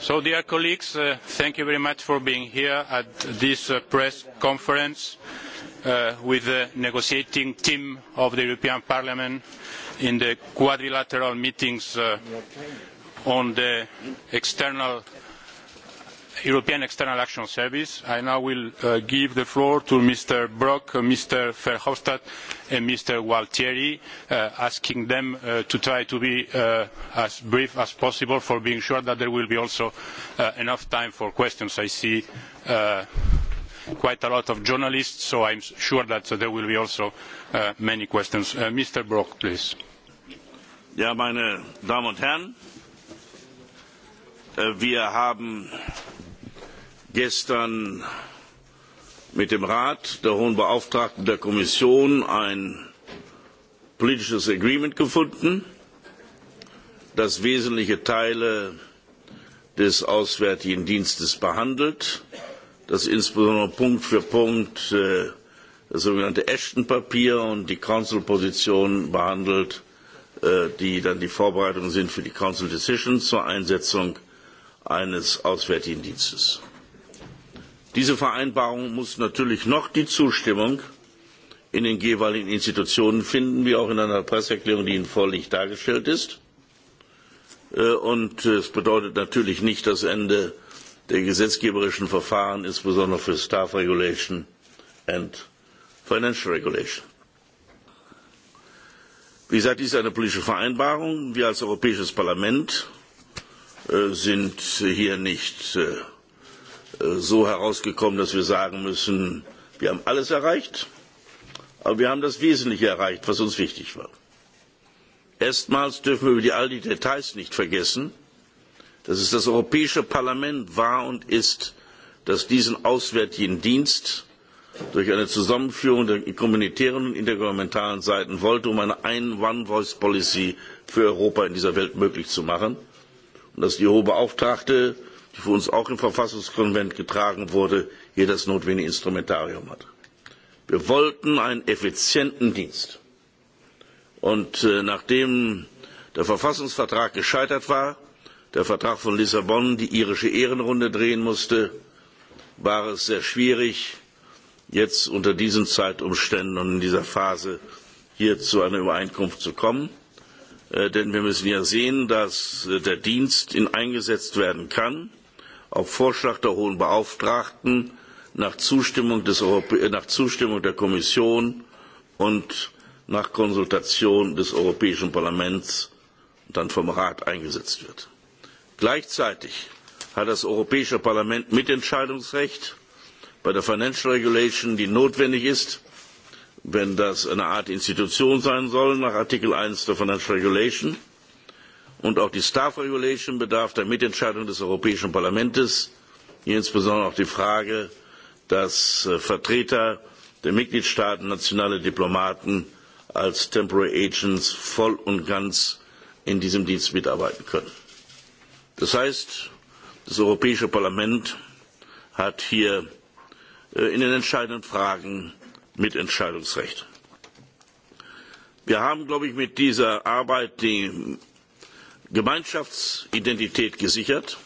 So, dear colleagues, thank you very much for being here at this press conference with the negotiating team of the European Parliament in the quadrilateral meetings on the external European External Action Service. I now will give the floor to Mr. Brock, Mr. Verhofstadt, and Mr. Gualtieri, asking them to try to be as brief as possible for being sure that there will be also enough time for questions. I see quite a lot of journalists, so I'm sure that there will be also many questions. Mr. Brock, please. Ja, meine Damen und Herren, wir haben gestern mit dem Rat, der Hohen Beauftragten der Kommission ein politisches Agreement gefunden, das wesentliche Teile des Auswärtigen Dienstes behandelt, das insbesondere Punkt für Punkt das sogenannte Ashton-Papier und die Council-Position behandelt, die dann die Vorbereitung sind für die Council decision zur Einsetzung eines Auswärtigen Dienstes. Diese Vereinbarung muss natürlich noch die Zustimmung in den jeweiligen Institutionen finden, wie auch in einer Presseerklärung, die Ihnen vorliegt, dargestellt ist. Und es bedeutet natürlich nicht das Ende der gesetzgeberischen Verfahren, insbesondere für Staff Regulation and Financial Regulation. Wie gesagt, dies ist eine politische Vereinbarung. Wir als Europäisches Parlament sind hier nicht so herausgekommen, dass wir sagen müssen, wir haben alles erreicht, aber wir haben das Wesentliche erreicht, was uns wichtig war. Erstmals dürfen wir über die all die Details nicht vergessen, dass es das Europäische Parlament war und ist, das diesen Auswärtigen Dienst durch eine Zusammenführung der kommunitären und intergouvernementalen Seiten wollte, um eine One-Voice-Policy für Europa in dieser Welt möglich zu machen. Und dass die hohe Beauftragte die für uns auch im Verfassungskonvent getragen wurde, hier das notwendige Instrumentarium hat. Wir wollten einen effizienten Dienst. Und nachdem der Verfassungsvertrag gescheitert war, der Vertrag von Lissabon die irische Ehrenrunde drehen musste, war es sehr schwierig, jetzt unter diesen Zeitumständen und in dieser Phase hier zu einer Übereinkunft zu kommen. Denn wir müssen ja sehen, dass der Dienst eingesetzt werden kann auf Vorschlag der Hohen Beauftragten nach Zustimmung der Kommission und nach Konsultation des Europäischen Parlaments dann vom Rat eingesetzt wird. Gleichzeitig hat das Europäische Parlament Mitentscheidungsrecht bei der Financial Regulation, die notwendig ist, wenn das eine Art Institution sein soll, nach Artikel 1 der Financial Regulation und auch die staff regulation bedarf der mitentscheidung des europäischen parlaments hier insbesondere auch die frage dass vertreter der mitgliedstaaten nationale diplomaten als temporary agents voll und ganz in diesem dienst mitarbeiten können. das heißt das europäische parlament hat hier in den entscheidenden fragen mitentscheidungsrecht. wir haben glaube ich mit dieser arbeit die Gemeinschaftsidentität gesichert.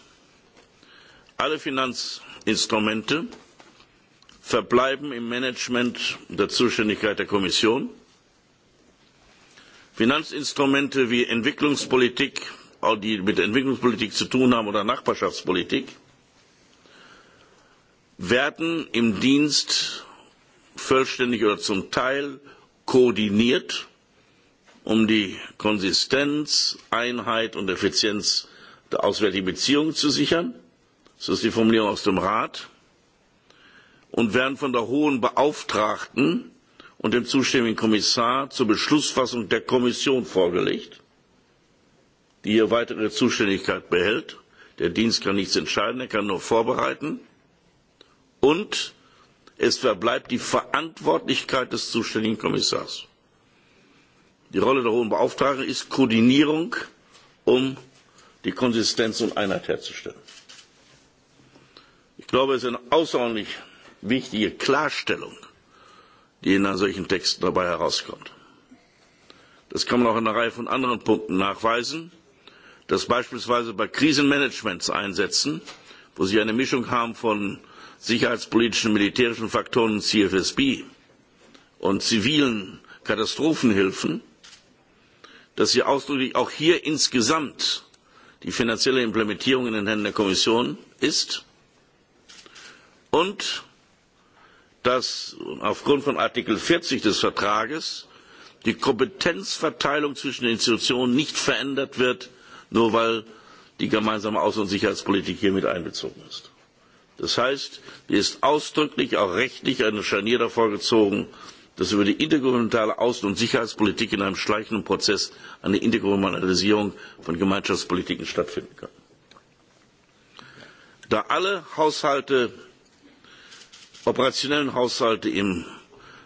Alle Finanzinstrumente verbleiben im Management der Zuständigkeit der Kommission. Finanzinstrumente wie Entwicklungspolitik, die mit Entwicklungspolitik zu tun haben oder Nachbarschaftspolitik, werden im Dienst vollständig oder zum Teil koordiniert um die Konsistenz, Einheit und Effizienz der auswärtigen Beziehungen zu sichern. Das ist die Formulierung aus dem Rat. Und werden von der hohen Beauftragten und dem zuständigen Kommissar zur Beschlussfassung der Kommission vorgelegt, die hier weitere Zuständigkeit behält. Der Dienst kann nichts entscheiden, er kann nur vorbereiten. Und es verbleibt die Verantwortlichkeit des zuständigen Kommissars. Die Rolle der Hohen Beauftragten ist Koordinierung, um die Konsistenz und Einheit herzustellen. Ich glaube, es ist eine außerordentlich wichtige Klarstellung, die in solchen Texten dabei herauskommt. Das kann man auch in einer Reihe von anderen Punkten nachweisen, dass beispielsweise bei Krisenmanagementseinsätzen, wo Sie eine Mischung haben von sicherheitspolitischen, militärischen Faktoren CFSB und zivilen Katastrophenhilfen, dass hier ausdrücklich auch hier insgesamt die finanzielle Implementierung in den Händen der Kommission ist und dass aufgrund von Artikel 40 des Vertrages die Kompetenzverteilung zwischen den Institutionen nicht verändert wird, nur weil die gemeinsame Außen- und Sicherheitspolitik hier mit einbezogen ist. Das heißt, hier ist ausdrücklich auch rechtlich eine Scharnier davor gezogen, dass über die intergouvernementale Außen- und Sicherheitspolitik in einem schleichenden Prozess eine Intergouvernementalisierung von Gemeinschaftspolitiken stattfinden kann. Da alle Haushalte, operationellen Haushalte im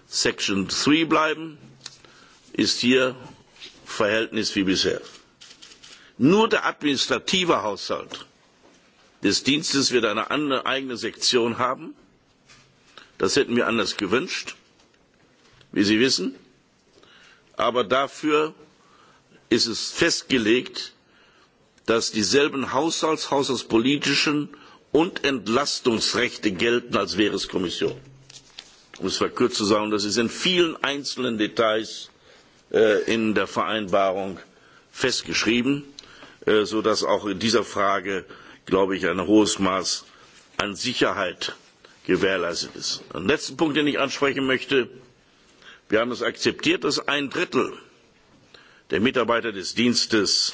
Section 3 bleiben, ist hier Verhältnis wie bisher. Nur der administrative Haushalt des Dienstes wird eine eigene Sektion haben. Das hätten wir anders gewünscht wie Sie wissen. Aber dafür ist es festgelegt, dass dieselben Haushalts-, haushaltspolitischen und Entlastungsrechte gelten, als wäre es Kommission. Um es verkürzt zu sagen, das ist in vielen einzelnen Details in der Vereinbarung festgeschrieben, sodass auch in dieser Frage, glaube ich, ein hohes Maß an Sicherheit gewährleistet ist. Ein letzten Punkt, den ich ansprechen möchte wir haben es akzeptiert dass ein drittel der mitarbeiter des dienstes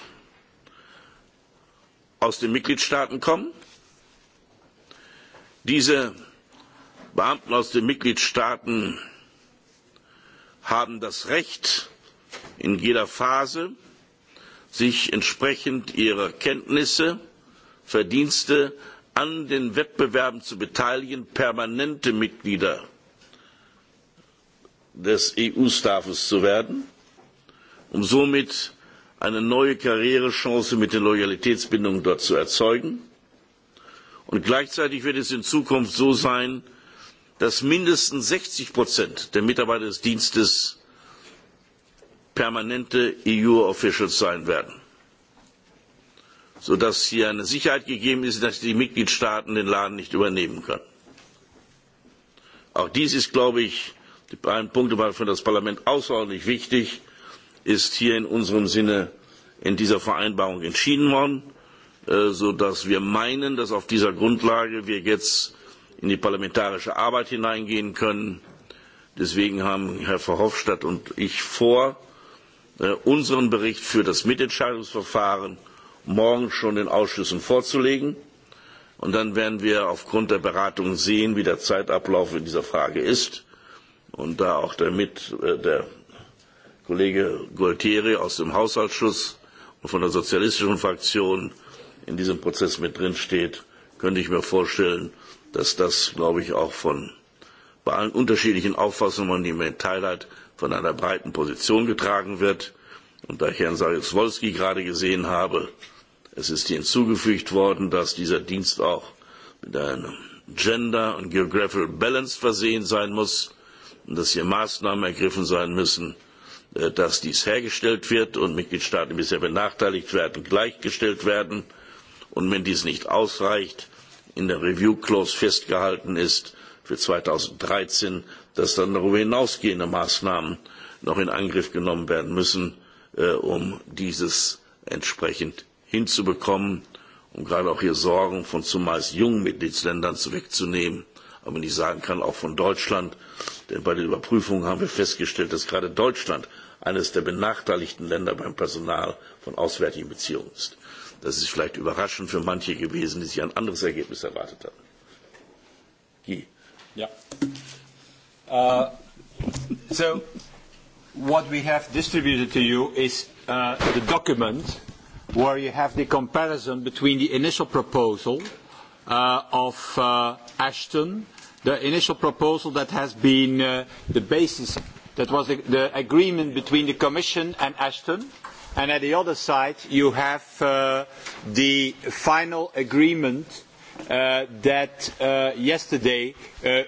aus den mitgliedstaaten kommen. diese beamten aus den mitgliedstaaten haben das recht in jeder phase sich entsprechend ihrer kenntnisse verdienste an den wettbewerben zu beteiligen permanente mitglieder des EU-Staffes zu werden, um somit eine neue Karrierechance mit den Loyalitätsbindungen dort zu erzeugen. Und gleichzeitig wird es in Zukunft so sein, dass mindestens 60 der Mitarbeiter des Dienstes permanente EU Officials sein werden, sodass hier eine Sicherheit gegeben ist, dass die Mitgliedstaaten den Laden nicht übernehmen können. Auch dies ist, glaube ich, ein punkt waren für das parlament außerordentlich wichtig ist hier in unserem sinne in dieser vereinbarung entschieden worden sodass wir meinen dass wir auf dieser grundlage jetzt in die parlamentarische arbeit hineingehen können. deswegen haben herr verhofstadt und ich vor unseren bericht für das mitentscheidungsverfahren morgen schon den ausschüssen vorzulegen und dann werden wir aufgrund der beratungen sehen wie der zeitablauf in dieser frage ist und da auch der der Kollege Gualtieri aus dem Haushaltsschuss und von der sozialistischen Fraktion in diesem Prozess mit drin steht, könnte ich mir vorstellen, dass das, glaube ich, auch von bei allen unterschiedlichen Auffassungen, die man teilt, von einer breiten Position getragen wird. Und da ich Herrn Wolski gerade gesehen habe, es ist hinzugefügt worden, dass dieser Dienst auch mit einem Gender- und Geographical Balance versehen sein muss dass hier Maßnahmen ergriffen sein müssen, dass dies hergestellt wird und Mitgliedstaaten, die bisher benachteiligt werden, gleichgestellt werden. Und wenn dies nicht ausreicht, in der Review Clause festgehalten ist für 2013, dass dann darüber hinausgehende Maßnahmen noch in Angriff genommen werden müssen, um dieses entsprechend hinzubekommen, um gerade auch hier Sorgen von zumeist jungen Mitgliedstaaten wegzunehmen aber man nicht sagen kann, auch von Deutschland. Denn bei den Überprüfungen haben wir festgestellt, dass gerade Deutschland eines der benachteiligten Länder beim Personal von auswärtigen Beziehungen ist. Das ist vielleicht überraschend für manche gewesen, die sich ein anderes Ergebnis erwartet haben. So what we have distributed to you is the document where you have the comparison between the initial of Ashton, the initial proposal that has been the basis, that was the agreement between the Commission and Ashton, and at the other side you have the final agreement that yesterday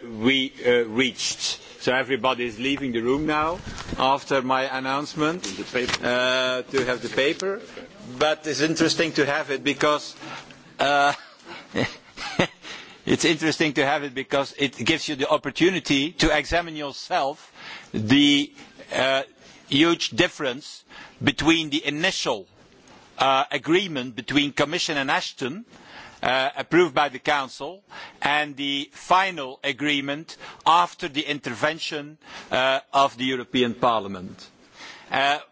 we reached. So everybody is leaving the room now after my announcement to have the paper. But it's interesting to have it because It's interesting to have it because it gives you the opportunity to examine yourself the huge difference between the initial agreement between Commission and Ashton, approved by the Council, and the final agreement after the intervention of the European Parliament.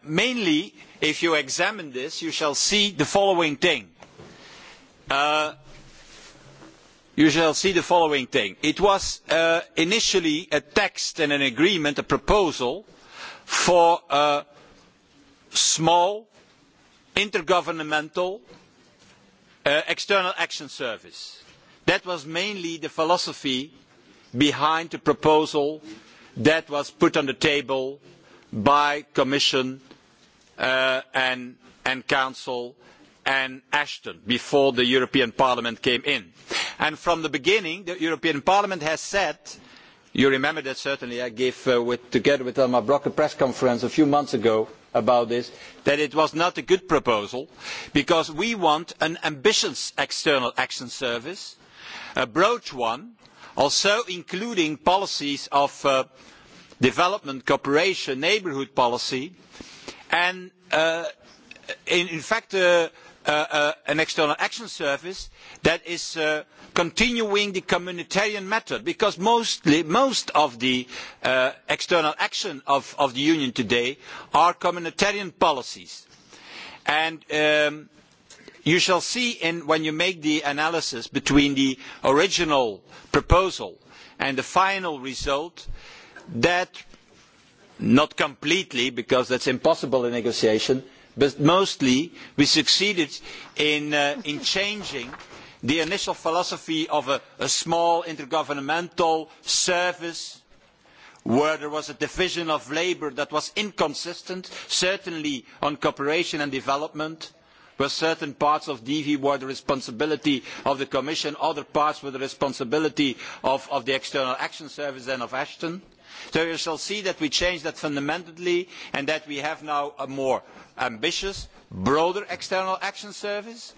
Mainly, if you examine this, you shall see the following thing you shall see the following thing. It was initially a text and an agreement, a proposal for a small intergovernmental external action service. That was mainly the philosophy behind the proposal that was put on the table by the Commission and Council and Ashton before the European Parliament came in and from the beginning the european parliament has said you remember that certainly i gave together with elmar brok a press conference a few months ago about this that it was not a good proposal because we want an ambitious external action service a broad one also including policies of development cooperation neighbourhood policy and in fact an external action service that is continuing the communitarian method because most of the external action of the union today are communitarian policies and you shall see when you make the analysis between the original proposal and the final result that not completely because that's impossible in negotiation but mostly we succeeded in changing the initial philosophy of a small intergovernmental service where there was a division of labour that was inconsistent, certainly on cooperation and development, where certain parts of DV were the responsibility of the Commission, other parts were the responsibility of the External Action Service and of Ashton. So you shall see that we changed that fundamentally and that we have now a more ambitious, broader external action service,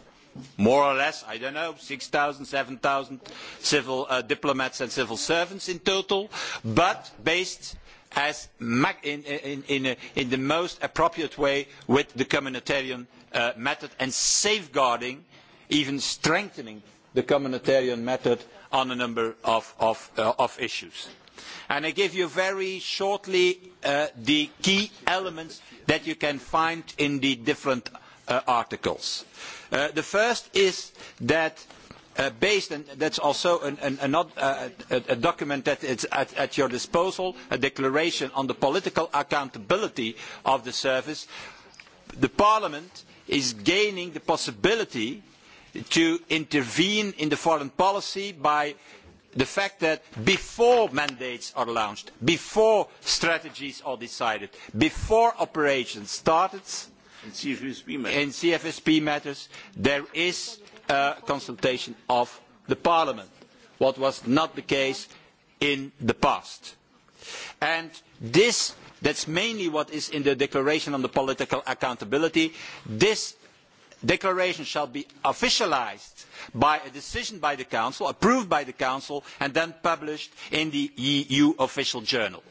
more or less, I don't know, 6,000, 7,000 civil diplomats and civil servants in total, but based in the most appropriate way with the communitarian method and safeguarding, even strengthening the communitarian method on a number of issues and i give you very shortly the key elements that you can find in the different articles. the first is that based and that's also a document that is at your disposal a declaration on the political accountability of the service the parliament is gaining the possibility to intervene in the foreign policy by the fact that before mandates are launched, before strategies are decided, before operations started in CFSP matters, there is a consultation of the Parliament, what was not the case in the past. And this, that's mainly what is in the Declaration on the Political Accountability. This declaration shall be officialised by a decision by the Council, approved by the Council, and then published in the EU official journal.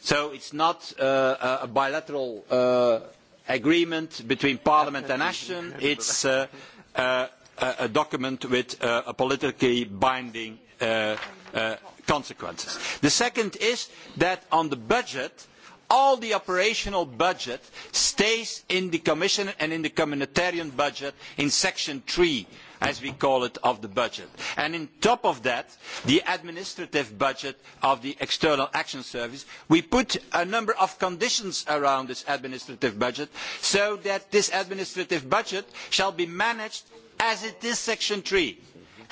So it is not a bilateral agreement between Parliament and Ashton. is a document with politically binding consequences. The second is that on the budget all the operational budget stays in the Commission and in the communitarian budget in Section 3, as we call it, of the budget. And on top of that, the administrative budget of the External Action Service, we put a number of conditions around this administrative budget so that this administrative budget shall be managed as it is Section 3,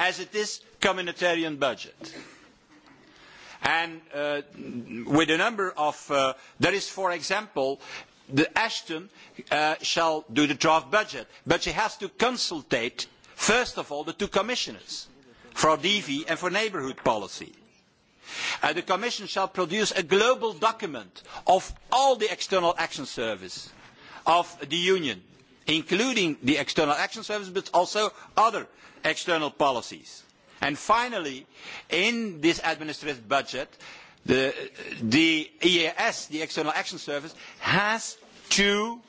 as it is communitarian budget and with a number of there is for example ashton shall do the draft budget but she has to consult, first of all the two commissioners for dv and for neighbourhood policy. the commission shall produce a global document of all the external action service of the union including the external action service but also other external policies And finally, in this administrative budget, the EAS, the External Action Service, has to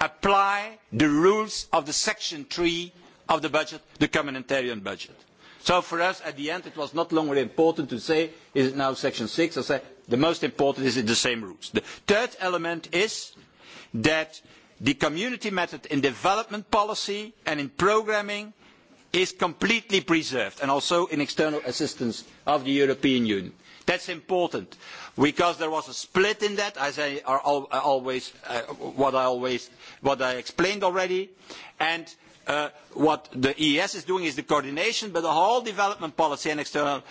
apply the rules of the Section 3 of the budget, the communitarian budget. So for us, at the end, it was no longer important to say, is it now Section 6 or say, the most important is the same rules. The third element is that the community method in development policy and in programming is completely preserved and also in external assistance of the European Union. That is important because there was a split in that, as I explained already, and what the EES is doing is the coordination, but the whole development policy and external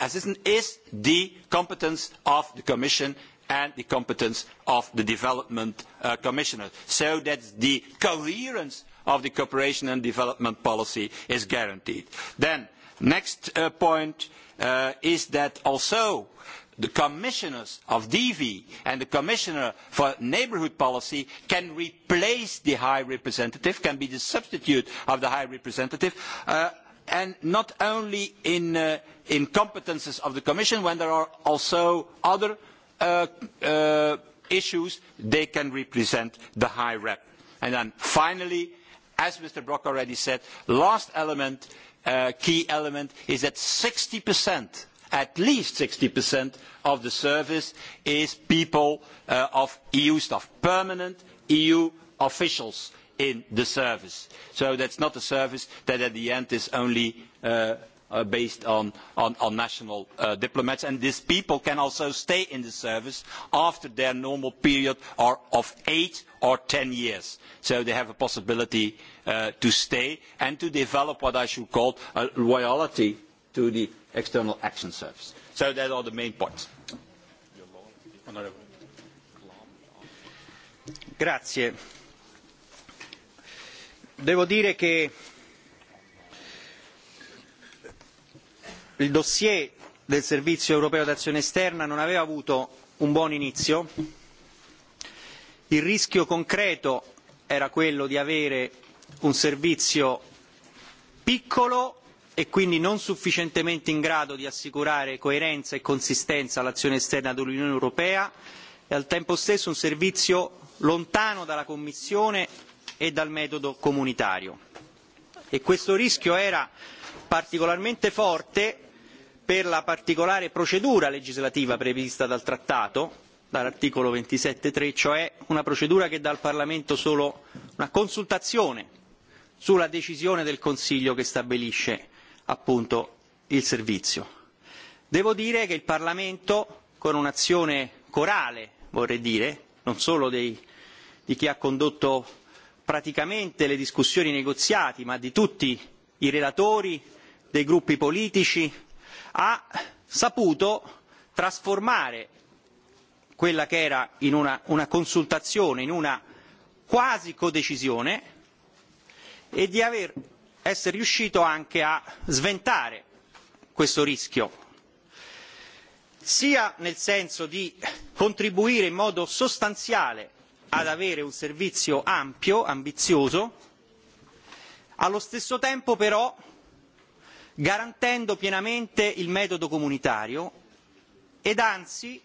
assistance is the competence of the Commission and the competence of the Development Commissioner. So that is the coherence of the cooperation and development policy is guaranteed. Then, next point is that also the commissioners of DV and the commissioner for neighbourhood policy can replace the high representative, can be the substitute of the high representative, and not only in competences of the commission, when there are also other issues, they can represent the high rep. And then finally, as Mr. Brok already said, the last key element, is that 60%, at least 60% of the service is people of EU staff, permanent EU officials in the service. So that's not a service that at the end is only based on national diplomats and these people can also stay in the service after their normal period of eight or ten years so they have a possibility to stay and to develop what i should call a loyalty to the external action service. so those are the main points. il dossier del servizio europeo d'azione esterna non aveva avuto un buon inizio il rischio concreto era quello di avere un servizio piccolo e quindi non sufficientemente in grado di assicurare coerenza e consistenza all'azione esterna dell'unione europea e al tempo stesso un servizio lontano dalla commissione e dal metodo comunitario e questo rischio era particolarmente forte per la particolare procedura legislativa prevista dal trattato dall'articolo 27.3, cioè una procedura che dà al Parlamento solo una consultazione sulla decisione del Consiglio che stabilisce appunto il servizio. Devo dire che il Parlamento, con un'azione corale vorrei dire, non solo di chi ha condotto praticamente le discussioni negoziati, ma di tutti i relatori, dei gruppi politici, ha saputo trasformare quella che era in una consultazione in una quasi codecisione e di aver essere riuscito anche a sventare questo rischio sia nel senso di contribuire in modo sostanziale ad avere un servizio ampio ambizioso allo stesso tempo però garantendo pienamente il metodo comunitario ed anzi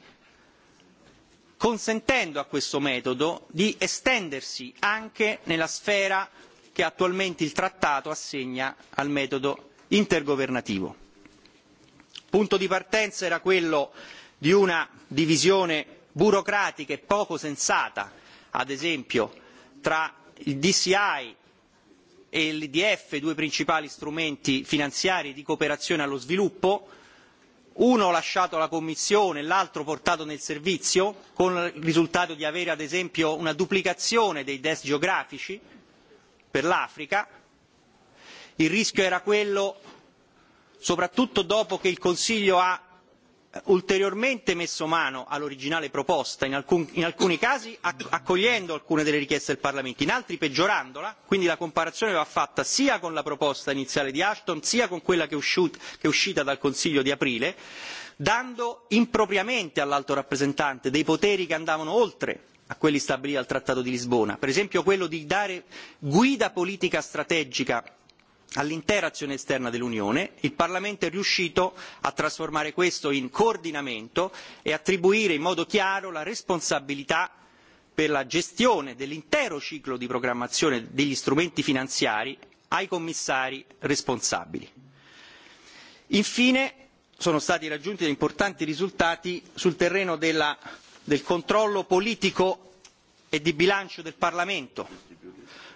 consentendo a questo metodo di estendersi anche nella sfera che attualmente il trattato assegna al metodo intergovernativo. punto di partenza era quello di una divisione burocratica e poco sensata ad esempio tra il dci e l'EDF, due principali strumenti finanziari di cooperazione allo sviluppo, uno lasciato alla Commissione e l'altro portato nel servizio, con il risultato di avere ad esempio una duplicazione dei desk geografici per l'Africa. Il rischio era quello, soprattutto dopo che il Consiglio ha ulteriormente messo mano all'originale proposta in alcuni casi accogliendo alcune delle richieste del parlamento in altri peggiorandola quindi la comparazione va fatta sia con la proposta iniziale di ashton sia con quella che è uscita dal consiglio di aprile dando impropriamente all'alto rappresentante dei poteri che andavano oltre a quelli stabiliti dal trattato di lisbona per esempio quello di dare guida politica strategica all'intera azione esterna dell'unione il parlamento è riuscito a trasformare questo in coordinamento e attribuire in modo chiaro la responsabilità per la gestione dell'intero ciclo di programmazione degli strumenti finanziari ai commissari responsabili. infine sono stati raggiunti importanti risultati sul terreno del controllo politico e di bilancio del parlamento.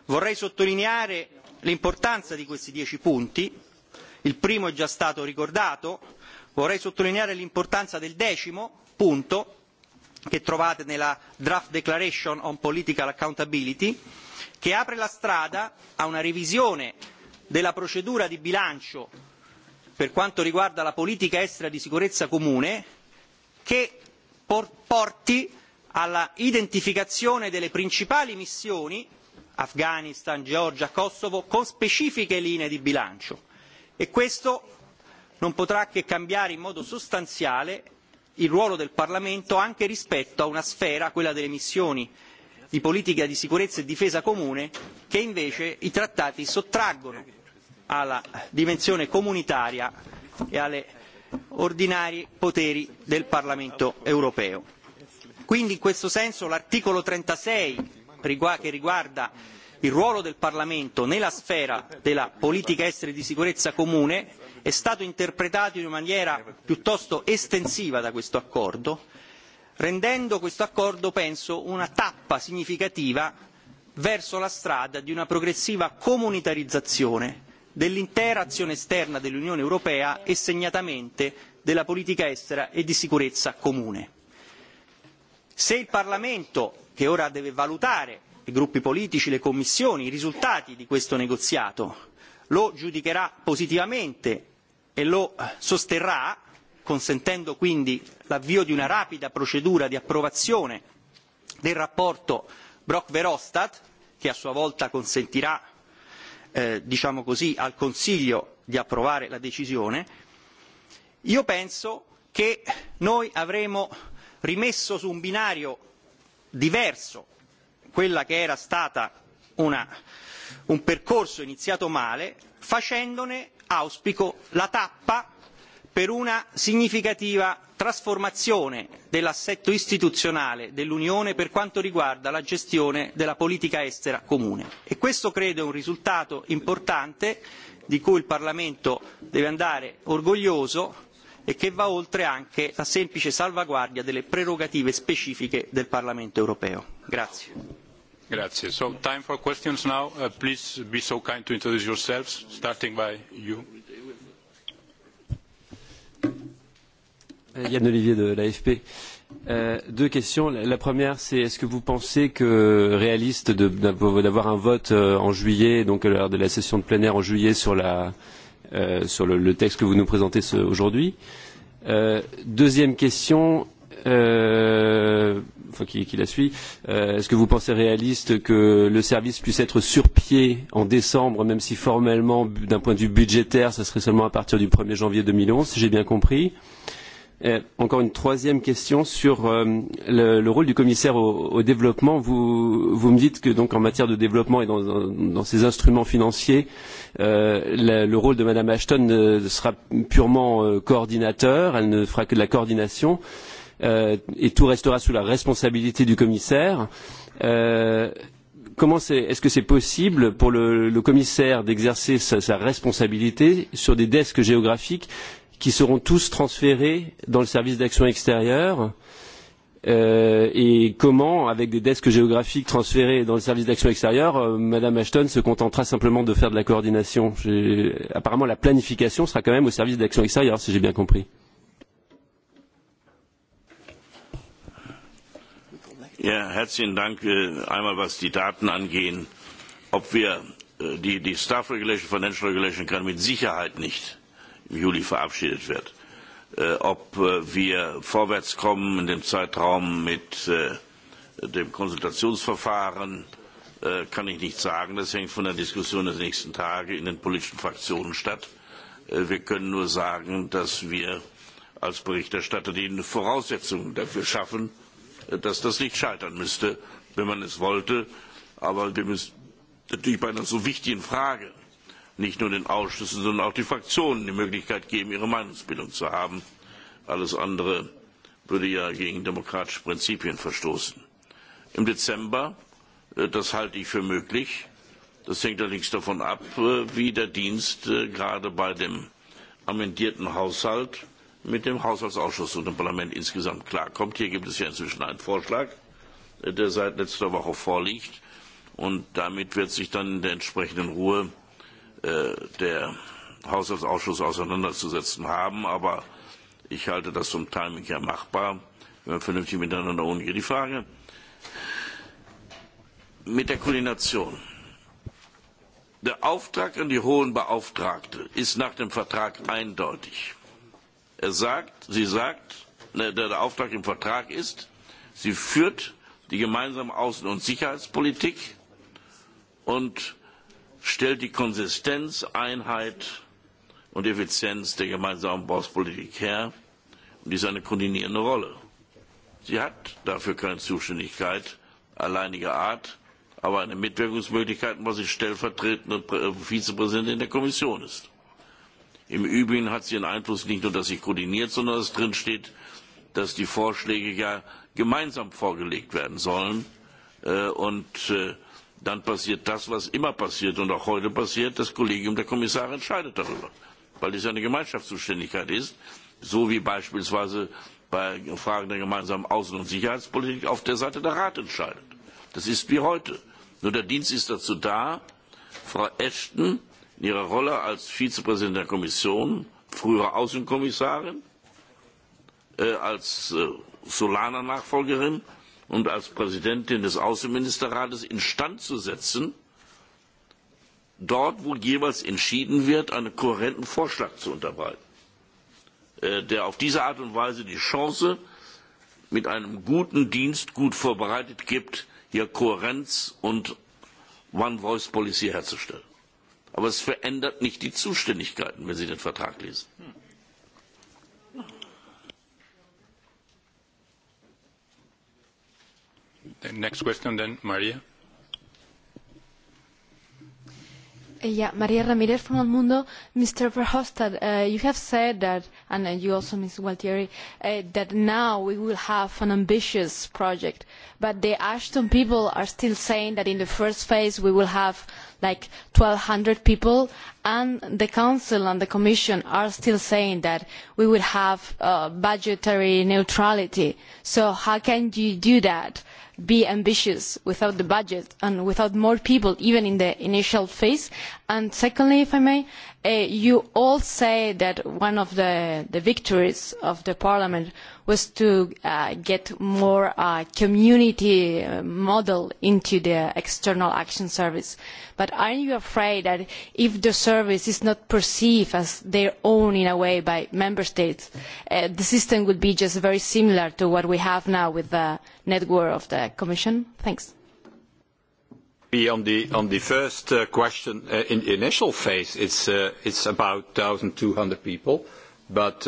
vorrei sottolineare l'importanza di questi dieci punti il primo è già stato ricordato vorrei sottolineare l'importanza del decimo punto che trovate nella draft declaration on political accountability che apre la strada a una revisione della procedura di bilancio per quanto riguarda la politica estera di sicurezza comune che porti alla identificazione delle principali missioni Afghanistan, Georgia, Kosovo, con specifiche linee di bilancio e questo non potrà che cambiare in modo sostanziale il ruolo del Parlamento anche rispetto a una sfera, quella delle missioni di politica di sicurezza e difesa comune, che invece i trattati sottraggono alla dimensione comunitaria e agli ordinari poteri del Parlamento europeo. Quindi in questo senso l'articolo 36 che riguarda il ruolo del Parlamento nella sfera della politica estera e di sicurezza comune è stato interpretato in maniera piuttosto estensiva da questo accordo, rendendo questo accordo, penso, una tappa significativa verso la strada di una progressiva comunitarizzazione dell'intera azione esterna dell'Unione europea e segnatamente della politica estera e di sicurezza comune. Se il Parlamento che ora deve valutare i gruppi politici le commissioni i risultati di questo negoziato lo giudicherà positivamente e lo sosterrà consentendo quindi l'avvio di una rapida procedura di approvazione del rapporto brok verhofstadt che a sua volta consentirà diciamo così al consiglio di approvare la decisione io penso che noi avremo rimesso su un binario diverso quella che era stata un percorso iniziato male facendone auspico la tappa per una significativa trasformazione dell'assetto istituzionale dell'unione per quanto riguarda la gestione della politica estera comune e questo credo è un risultato importante di cui il parlamento deve andare orgoglioso e che va oltre anche la semplice salvaguardia delle prerogative specifiche del Parlamento europeo. Grazie. Grazie. So time for questions now. Please be so kind to introduce yourselves, starting by you. Yann Olivier de l'AFP. Deux questions. La première, c'est est-ce que vous pensez que réaliste de, d'avoir un vote en juillet, donc lors de la session de plénière en juillet sur la sur le texte que vous nous présentez aujourd'hui. Deuxième question enfin qui la suit est ce que vous pensez réaliste que le service puisse être sur pied en décembre, même si formellement, d'un point de vue budgétaire, ce serait seulement à partir du 1er janvier 2011, si j'ai bien compris? Encore une troisième question sur le rôle du commissaire au développement. Vous me dites que donc en matière de développement et dans ces instruments financiers, le rôle de Mme Ashton sera purement coordinateur, elle ne fera que de la coordination et tout restera sous la responsabilité du commissaire. Comment Est-ce que c'est possible pour le commissaire d'exercer sa responsabilité sur des desks géographiques qui seront tous transférés dans le service d'action extérieure et comment, avec des desks géographiques transférés dans le service d'action extérieure, Madame Ashton se contentera simplement de faire de la coordination. Apparemment, la planification sera quand même au service d'action extérieure, si j'ai bien compris. Ja, herzlichen Dank. Einmal was die Daten angehen. Ob wir die Staff Regulation, Financial Regulation kann mit Sicherheit nicht Juli verabschiedet wird, ob wir vorwärts kommen in dem Zeitraum mit dem Konsultationsverfahren, kann ich nicht sagen. Das hängt von der Diskussion der nächsten Tage in den politischen Fraktionen statt. Wir können nur sagen, dass wir als Berichterstatter die Voraussetzungen dafür schaffen, dass das nicht scheitern müsste, wenn man es wollte. Aber wir müssen natürlich bei einer so wichtigen Frage nicht nur den Ausschüssen, sondern auch die Fraktionen die Möglichkeit geben, ihre Meinungsbildung zu haben. Alles andere würde ja gegen demokratische Prinzipien verstoßen. Im Dezember, das halte ich für möglich, das hängt allerdings davon ab, wie der Dienst gerade bei dem amendierten Haushalt mit dem Haushaltsausschuss und dem Parlament insgesamt klarkommt. Hier gibt es ja inzwischen einen Vorschlag, der seit letzter Woche vorliegt. Und damit wird sich dann in der entsprechenden Ruhe der Haushaltsausschuss auseinanderzusetzen haben. Aber ich halte das zum Timing machbar, wenn man vernünftig miteinander umgeht. Die Frage mit der Koordination. Der Auftrag an die hohen Beauftragte ist nach dem Vertrag eindeutig. Er sagt, sie sagt, der Auftrag im Vertrag ist, sie führt die gemeinsame Außen- und Sicherheitspolitik und stellt die Konsistenz, Einheit und Effizienz der gemeinsamen Bauspolitik her und ist eine koordinierende Rolle. Sie hat dafür keine Zuständigkeit alleiniger Art, aber eine Mitwirkungsmöglichkeit, weil sie stellvertretende Vizepräsidentin der Kommission ist. Im Übrigen hat sie einen Einfluss nicht nur, dass sie koordiniert, sondern dass drin steht, dass die Vorschläge ja gemeinsam vorgelegt werden sollen dann passiert das, was immer passiert und auch heute passiert. Das Kollegium der Kommissare entscheidet darüber, weil es eine Gemeinschaftszuständigkeit ist, so wie beispielsweise bei Fragen der gemeinsamen Außen- und Sicherheitspolitik auf der Seite der Rat entscheidet. Das ist wie heute. Nur der Dienst ist dazu da, Frau Ashton in ihrer Rolle als Vizepräsidentin der Kommission, frühere Außenkommissarin, als Solana-Nachfolgerin, und als Präsidentin des Außenministerrates instand zu setzen, dort, wo jeweils entschieden wird, einen kohärenten Vorschlag zu unterbreiten, der auf diese Art und Weise die Chance mit einem guten Dienst gut vorbereitet gibt, hier Kohärenz und One Voice Policy herzustellen. Aber es verändert nicht die Zuständigkeiten, wenn Sie den Vertrag lesen. Next question then, Maria. Yeah, Maria Ramirez from El Mundo. Mr. Verhofstadt, you have said that, and you also, Ms. Gualtieri, that now we will have an ambitious project. But the Ashton people are still saying that in the first phase we will have like 1,200 people, and the Council and the Commission are still saying that we will have budgetary neutrality. So how can you do that? be ambitious without the budget and without more people even in the initial phase and secondly if i may you all say that one of the victories of the parliament was to get more community model into the external action service but are you afraid that if the service is not perceived as their own in a way by member states the system would be just very similar to what we have now with the network of the commission thanks on the first question in the initial phase it's about 1200 people but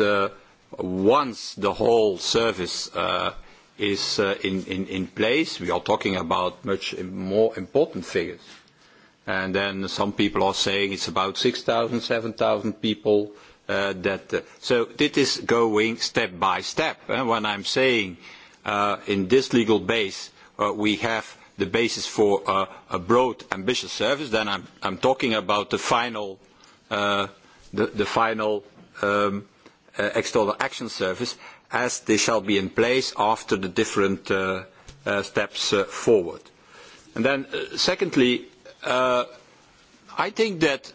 once the whole service is in place, we are talking about much more important figures. And then some people are saying it's about 6,000, 7,000 people. That so this is going step by step. When I'm saying in this legal base we have the basis for a broad, ambitious service, then I'm talking about the final, the final External Action Service, as they shall be in place after the different steps forward. And then, secondly, I think that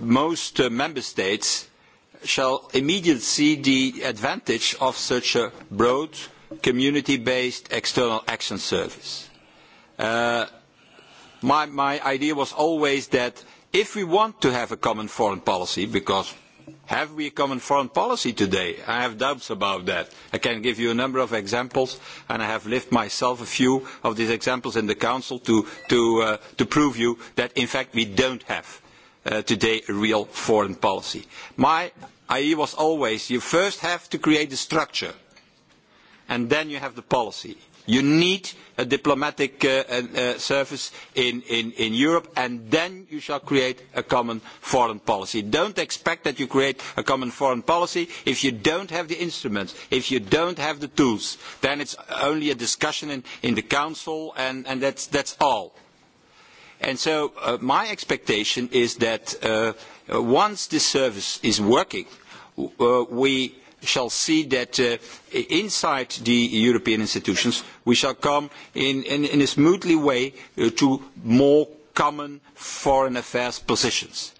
most member states shall immediately see the advantage of such a broad, community-based External Action Service. My idea was always that if we want to have a common foreign policy, because Have we a common foreign policy today? I have doubts about that. I can give you a number of examples, and I have left myself a few of these examples in the Council to prove you that, in fact, we don't have today a real foreign policy. My idea was always you first have to create the structure, and then you have the policy. You need a diplomatic service in Europe, and then you shall create a common foreign policy. Don't expect that you create a common foreign policy if you don't have the instruments, if you don't have the tools. Then it's only a discussion in the Council, and that's all. And so my expectation is that once this service is working, we shall see that inside the European institutions we shall come in a smoothly way to more common foreign affairs positions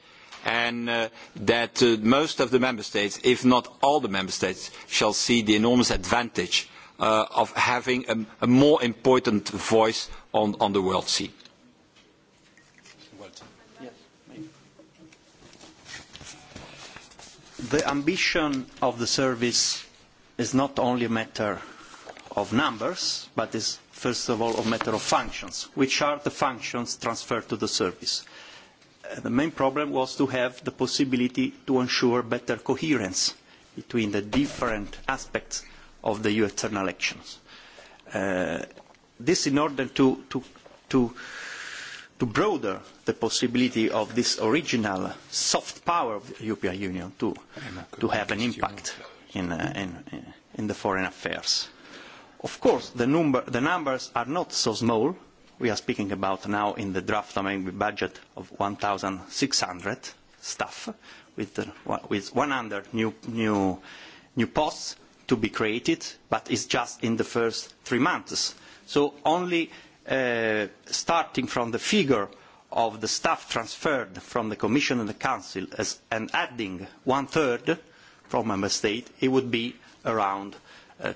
and that most of the member states, if not all the member states, shall see the enormous advantage of having a more important voice on the world scene. the ambition of the service is not only a matter of numbers, but is first of all a matter of functions. Which are the functions transferred to the service? The main problem was to have the possibility to ensure better coherence between the different aspects of the EU external actions. This in order to to broaden the possibility of this original soft power of the European Union to have an impact in the foreign affairs. Of course, the numbers are not so small. We are speaking about now in the draft amendment budget of 1,600 staff with 100 new posts to be created, but it's just in the first three months. So only starting from the figure of the staff transferred from the Commission and the Council and adding one third from Member State, it would be around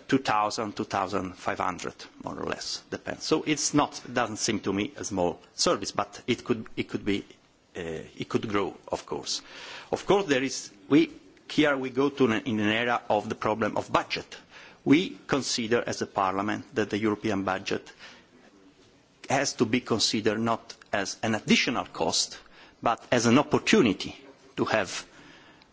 2,000, 2,500 more or less, depends. So it's not, doesn't seem to me a small service, but it could, it could be, it could grow, of course. Of course, we here we go to in an era of the problem of budget. We consider as a Parliament that the European budget has to be considered not as an additional cost, but as an opportunity to have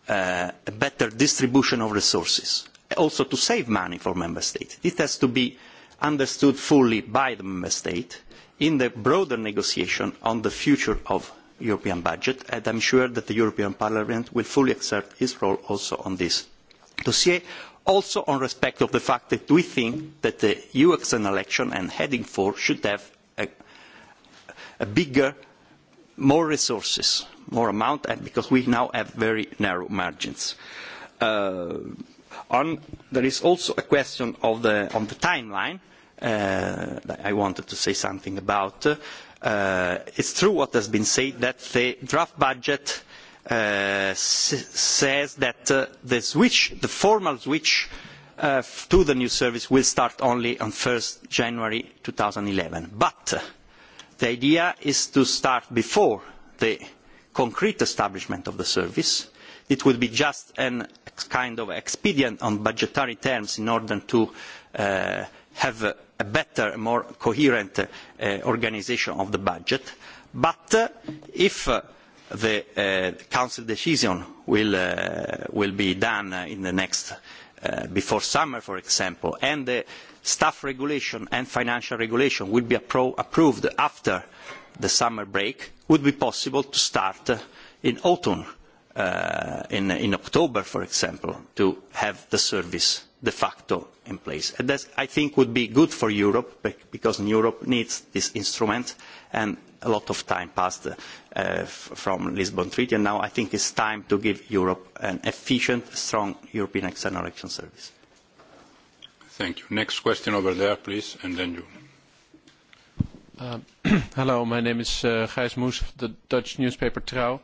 a better distribution of resources, also to save money for member states. This has to be understood fully by the member state in the broader negotiation on the future of the European budget, and I'm sure that the European Parliament will fully exert its role also on this dossier, also on respect of the fact that we think that the EU external and heading Four should have a bigger, more resources, more amount, and because we now have very narrow margins. There is also a question of the timeline that I wanted to say something about. It's true what has been said that the draft budget says that the switch, the formal switch to the new service will start only on 1 January 2011. But the idea is to start before the concrete establishment of the service. It would be just a kind of expedient on budgetary terms in order to have a better, more coherent organisation of the budget. But if the Council decision will be done in the next before summer, for example, and the staff regulation and financial regulation will be approved after the summer break, would be possible to start in autumn, in October, for example, to have the service de facto in place. And that, I think, would be good for Europe, because Europe needs this instrument, and a lot of time passed from the Lisbon Treaty, and now I think it's time to give Europe an efficient, strong European External Action Service. Thank you. Next question over there, please, and then you. Hello, my name is Gijs Moes the Dutch newspaper Trouw.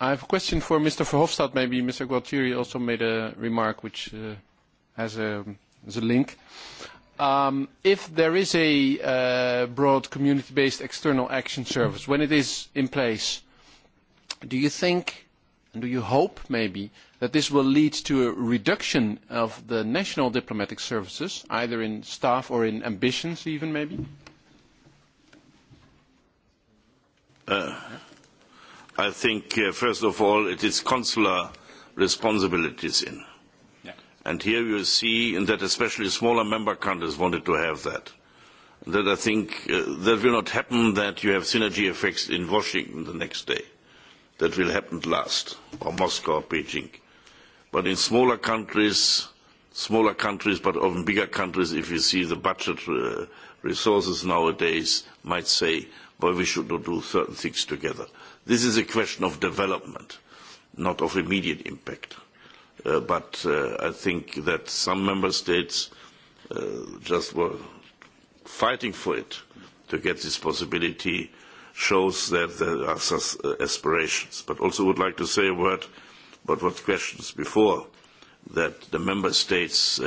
I have a question for Mr. Verhofstadt. Maybe Mr. Gualtieri also made a remark which as a link. If there is a broad community-based external action service, when it is in place, do you think, and do you hope maybe, that this will lead to a reduction of the national diplomatic services, either in staff or in ambitions even maybe? I think, first of all, it is consular responsibilities in And here you see that especially smaller member countries wanted to have that. That I think that will not happen that you have synergy effects in Washington the next day. That will happen last, or Moscow or Beijing. But in smaller countries, smaller countries, but often bigger countries, if you see the budget resources nowadays, might say, well, we should not do certain things together. This is a question of development, not of immediate impact but I think that some member states just were fighting for it to get this possibility shows that there are such aspirations. But also would like to say a word about what questions before, that the member states,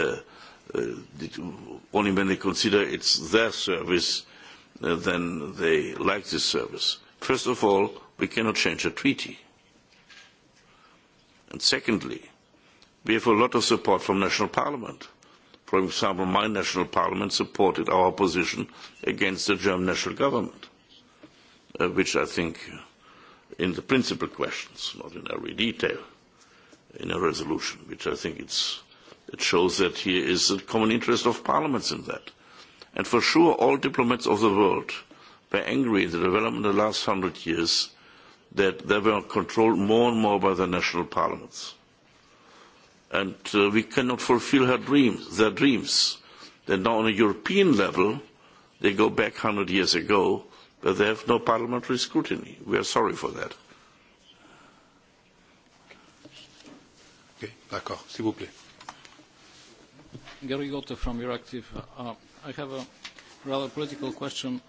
only when they consider it's their service, then they like this service. First of all, we cannot change a treaty. And secondly, We have a lot of support from national parliament. For example, my national parliament supported our position against the German national government, which I think in the principal questions, not in every detail, in a resolution, which I think it shows that here is a common interest of parliaments in that. And for sure, all diplomats of the world were angry in the development of the last hundred years that they were controlled more and more by the national parliaments and we cannot fulfil her dreams, their dreams. not now on a European level, they go back 100 years ago, but they have no parliamentary scrutiny. We are sorry for that. D'accord, s'il vous plaît. Gary Gotte from Euractiv. I have a rather political question.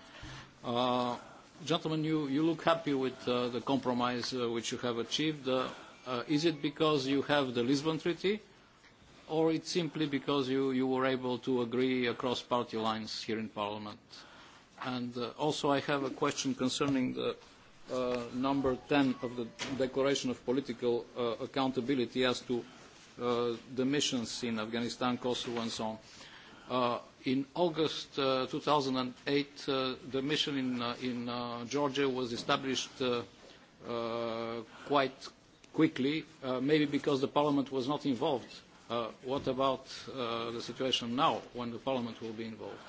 Gentlemen, you look happy with the compromise which you have achieved. Is it because you have the Lisbon Treaty, or it's simply because you were able to agree across party lines here in Parliament? And also I have a question concerning the number 10 of the Declaration of Political Accountability as to the missions in Afghanistan, Kosovo and so on. In August 2008, the mission in Georgia was established quite quickly, maybe because the Parliament was not involved. What about the situation now, when the Parliament will be involved?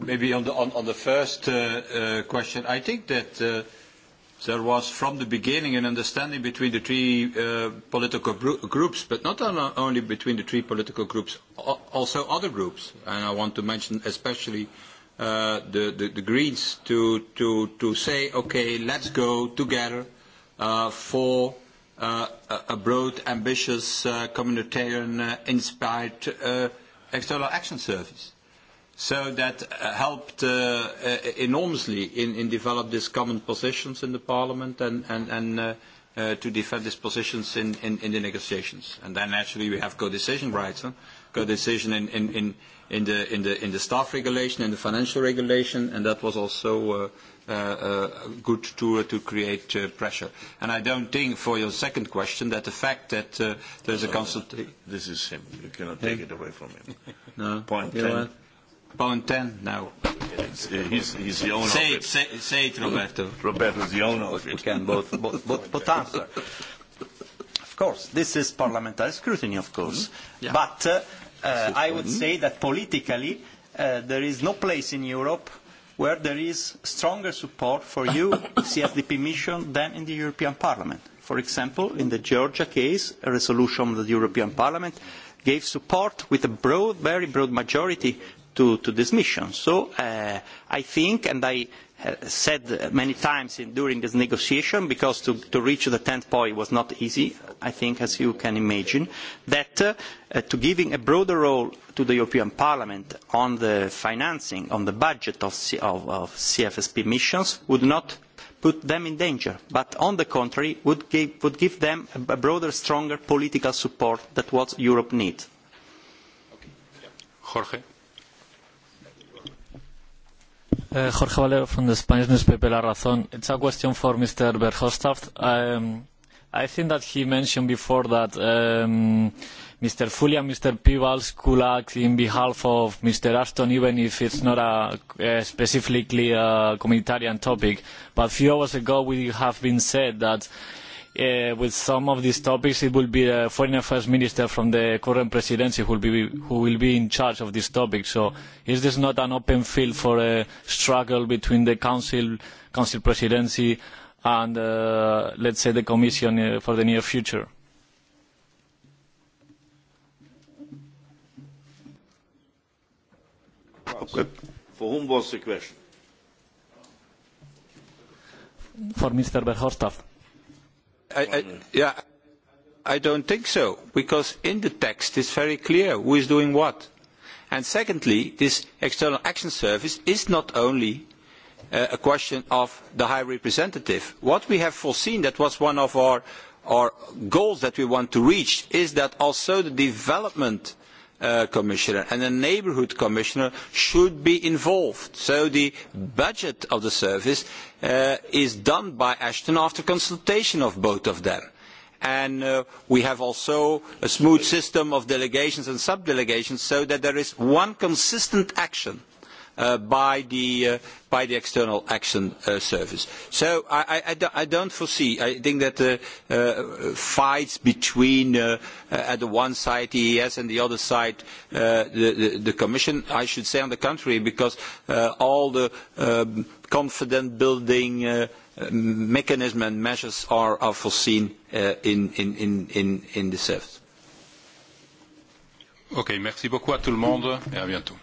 Maybe on the first question, I think that there was from the beginning an understanding between the three political groups, but not only between the three political groups, also other groups. And I want to mention especially the Greens to say, okay, let's go together for a broad, ambitious, communitarian-inspired external action service. So that helped enormously in develop these common positions in the Parliament and to defend these positions in the negotiations. And then naturally we have co-decision rights, co-decision in in the staff regulation and the financial regulation, and that was also a good to create pressure. And I don't think, for your second question, that the fact that there's a consultation... This is him. You cannot take it away from him. No. Point 10. Point 10 now. He's the owner of it. Say it, Roberto. Roberto is the owner of it. We can both answer. Of course, this is parliamentary scrutiny, of course. But I would say that politically there is no place in Europe where there is stronger support for you CSDP mission than in the European Parliament. For example, in the Georgia case, a resolution of the European Parliament gave support with a very broad majority to this mission. So I think, and I said many times during this negotiation, because to reach the tenth point was not easy, I think, as you can imagine, that to giving a broader role to the European Parliament on the financing, on the budget of CFSP missions would not put them in danger, but on the contrary, would give them a broader, stronger political support that what Europe needs. Jorge. Jorge Valero from the Spanish newspaper La Razón. It's a question for Mr. Berhostaft. I think that he mentioned before that Mr. Fulia and Mr. Pivals could act in behalf of Mr. Ashton, even if it's not a specifically a communitarian topic. But a few hours ago, we have been said that with some of these topics it will be the foreign affairs minister from the current presidency who will be in charge of this topic so is this not an open field for a struggle between the council council presidency and let's say the commission for the near future for whom was the question for mr verhofstadt I I don't think so, because in the text is very clear who is doing what. And secondly, this External Action Service is not only a question of the High Representative. What we have foreseen, that was one of our goals that we want to reach, is that also the development commissioner and a neighbourhood commissioner should be involved. So the budget of the service is done by Ashton after consultation of both of them. we have also a smooth system of delegations and sub-delegations so that there is one consistent action by the external action service. So I don't foresee. I think that the fights between at the one side EES and the other side the Commission, I should say on the contrary, because all the confidence building mechanism and measures are foreseen in the service. merci beaucoup à tout le monde à bientôt.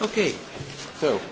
Okay. So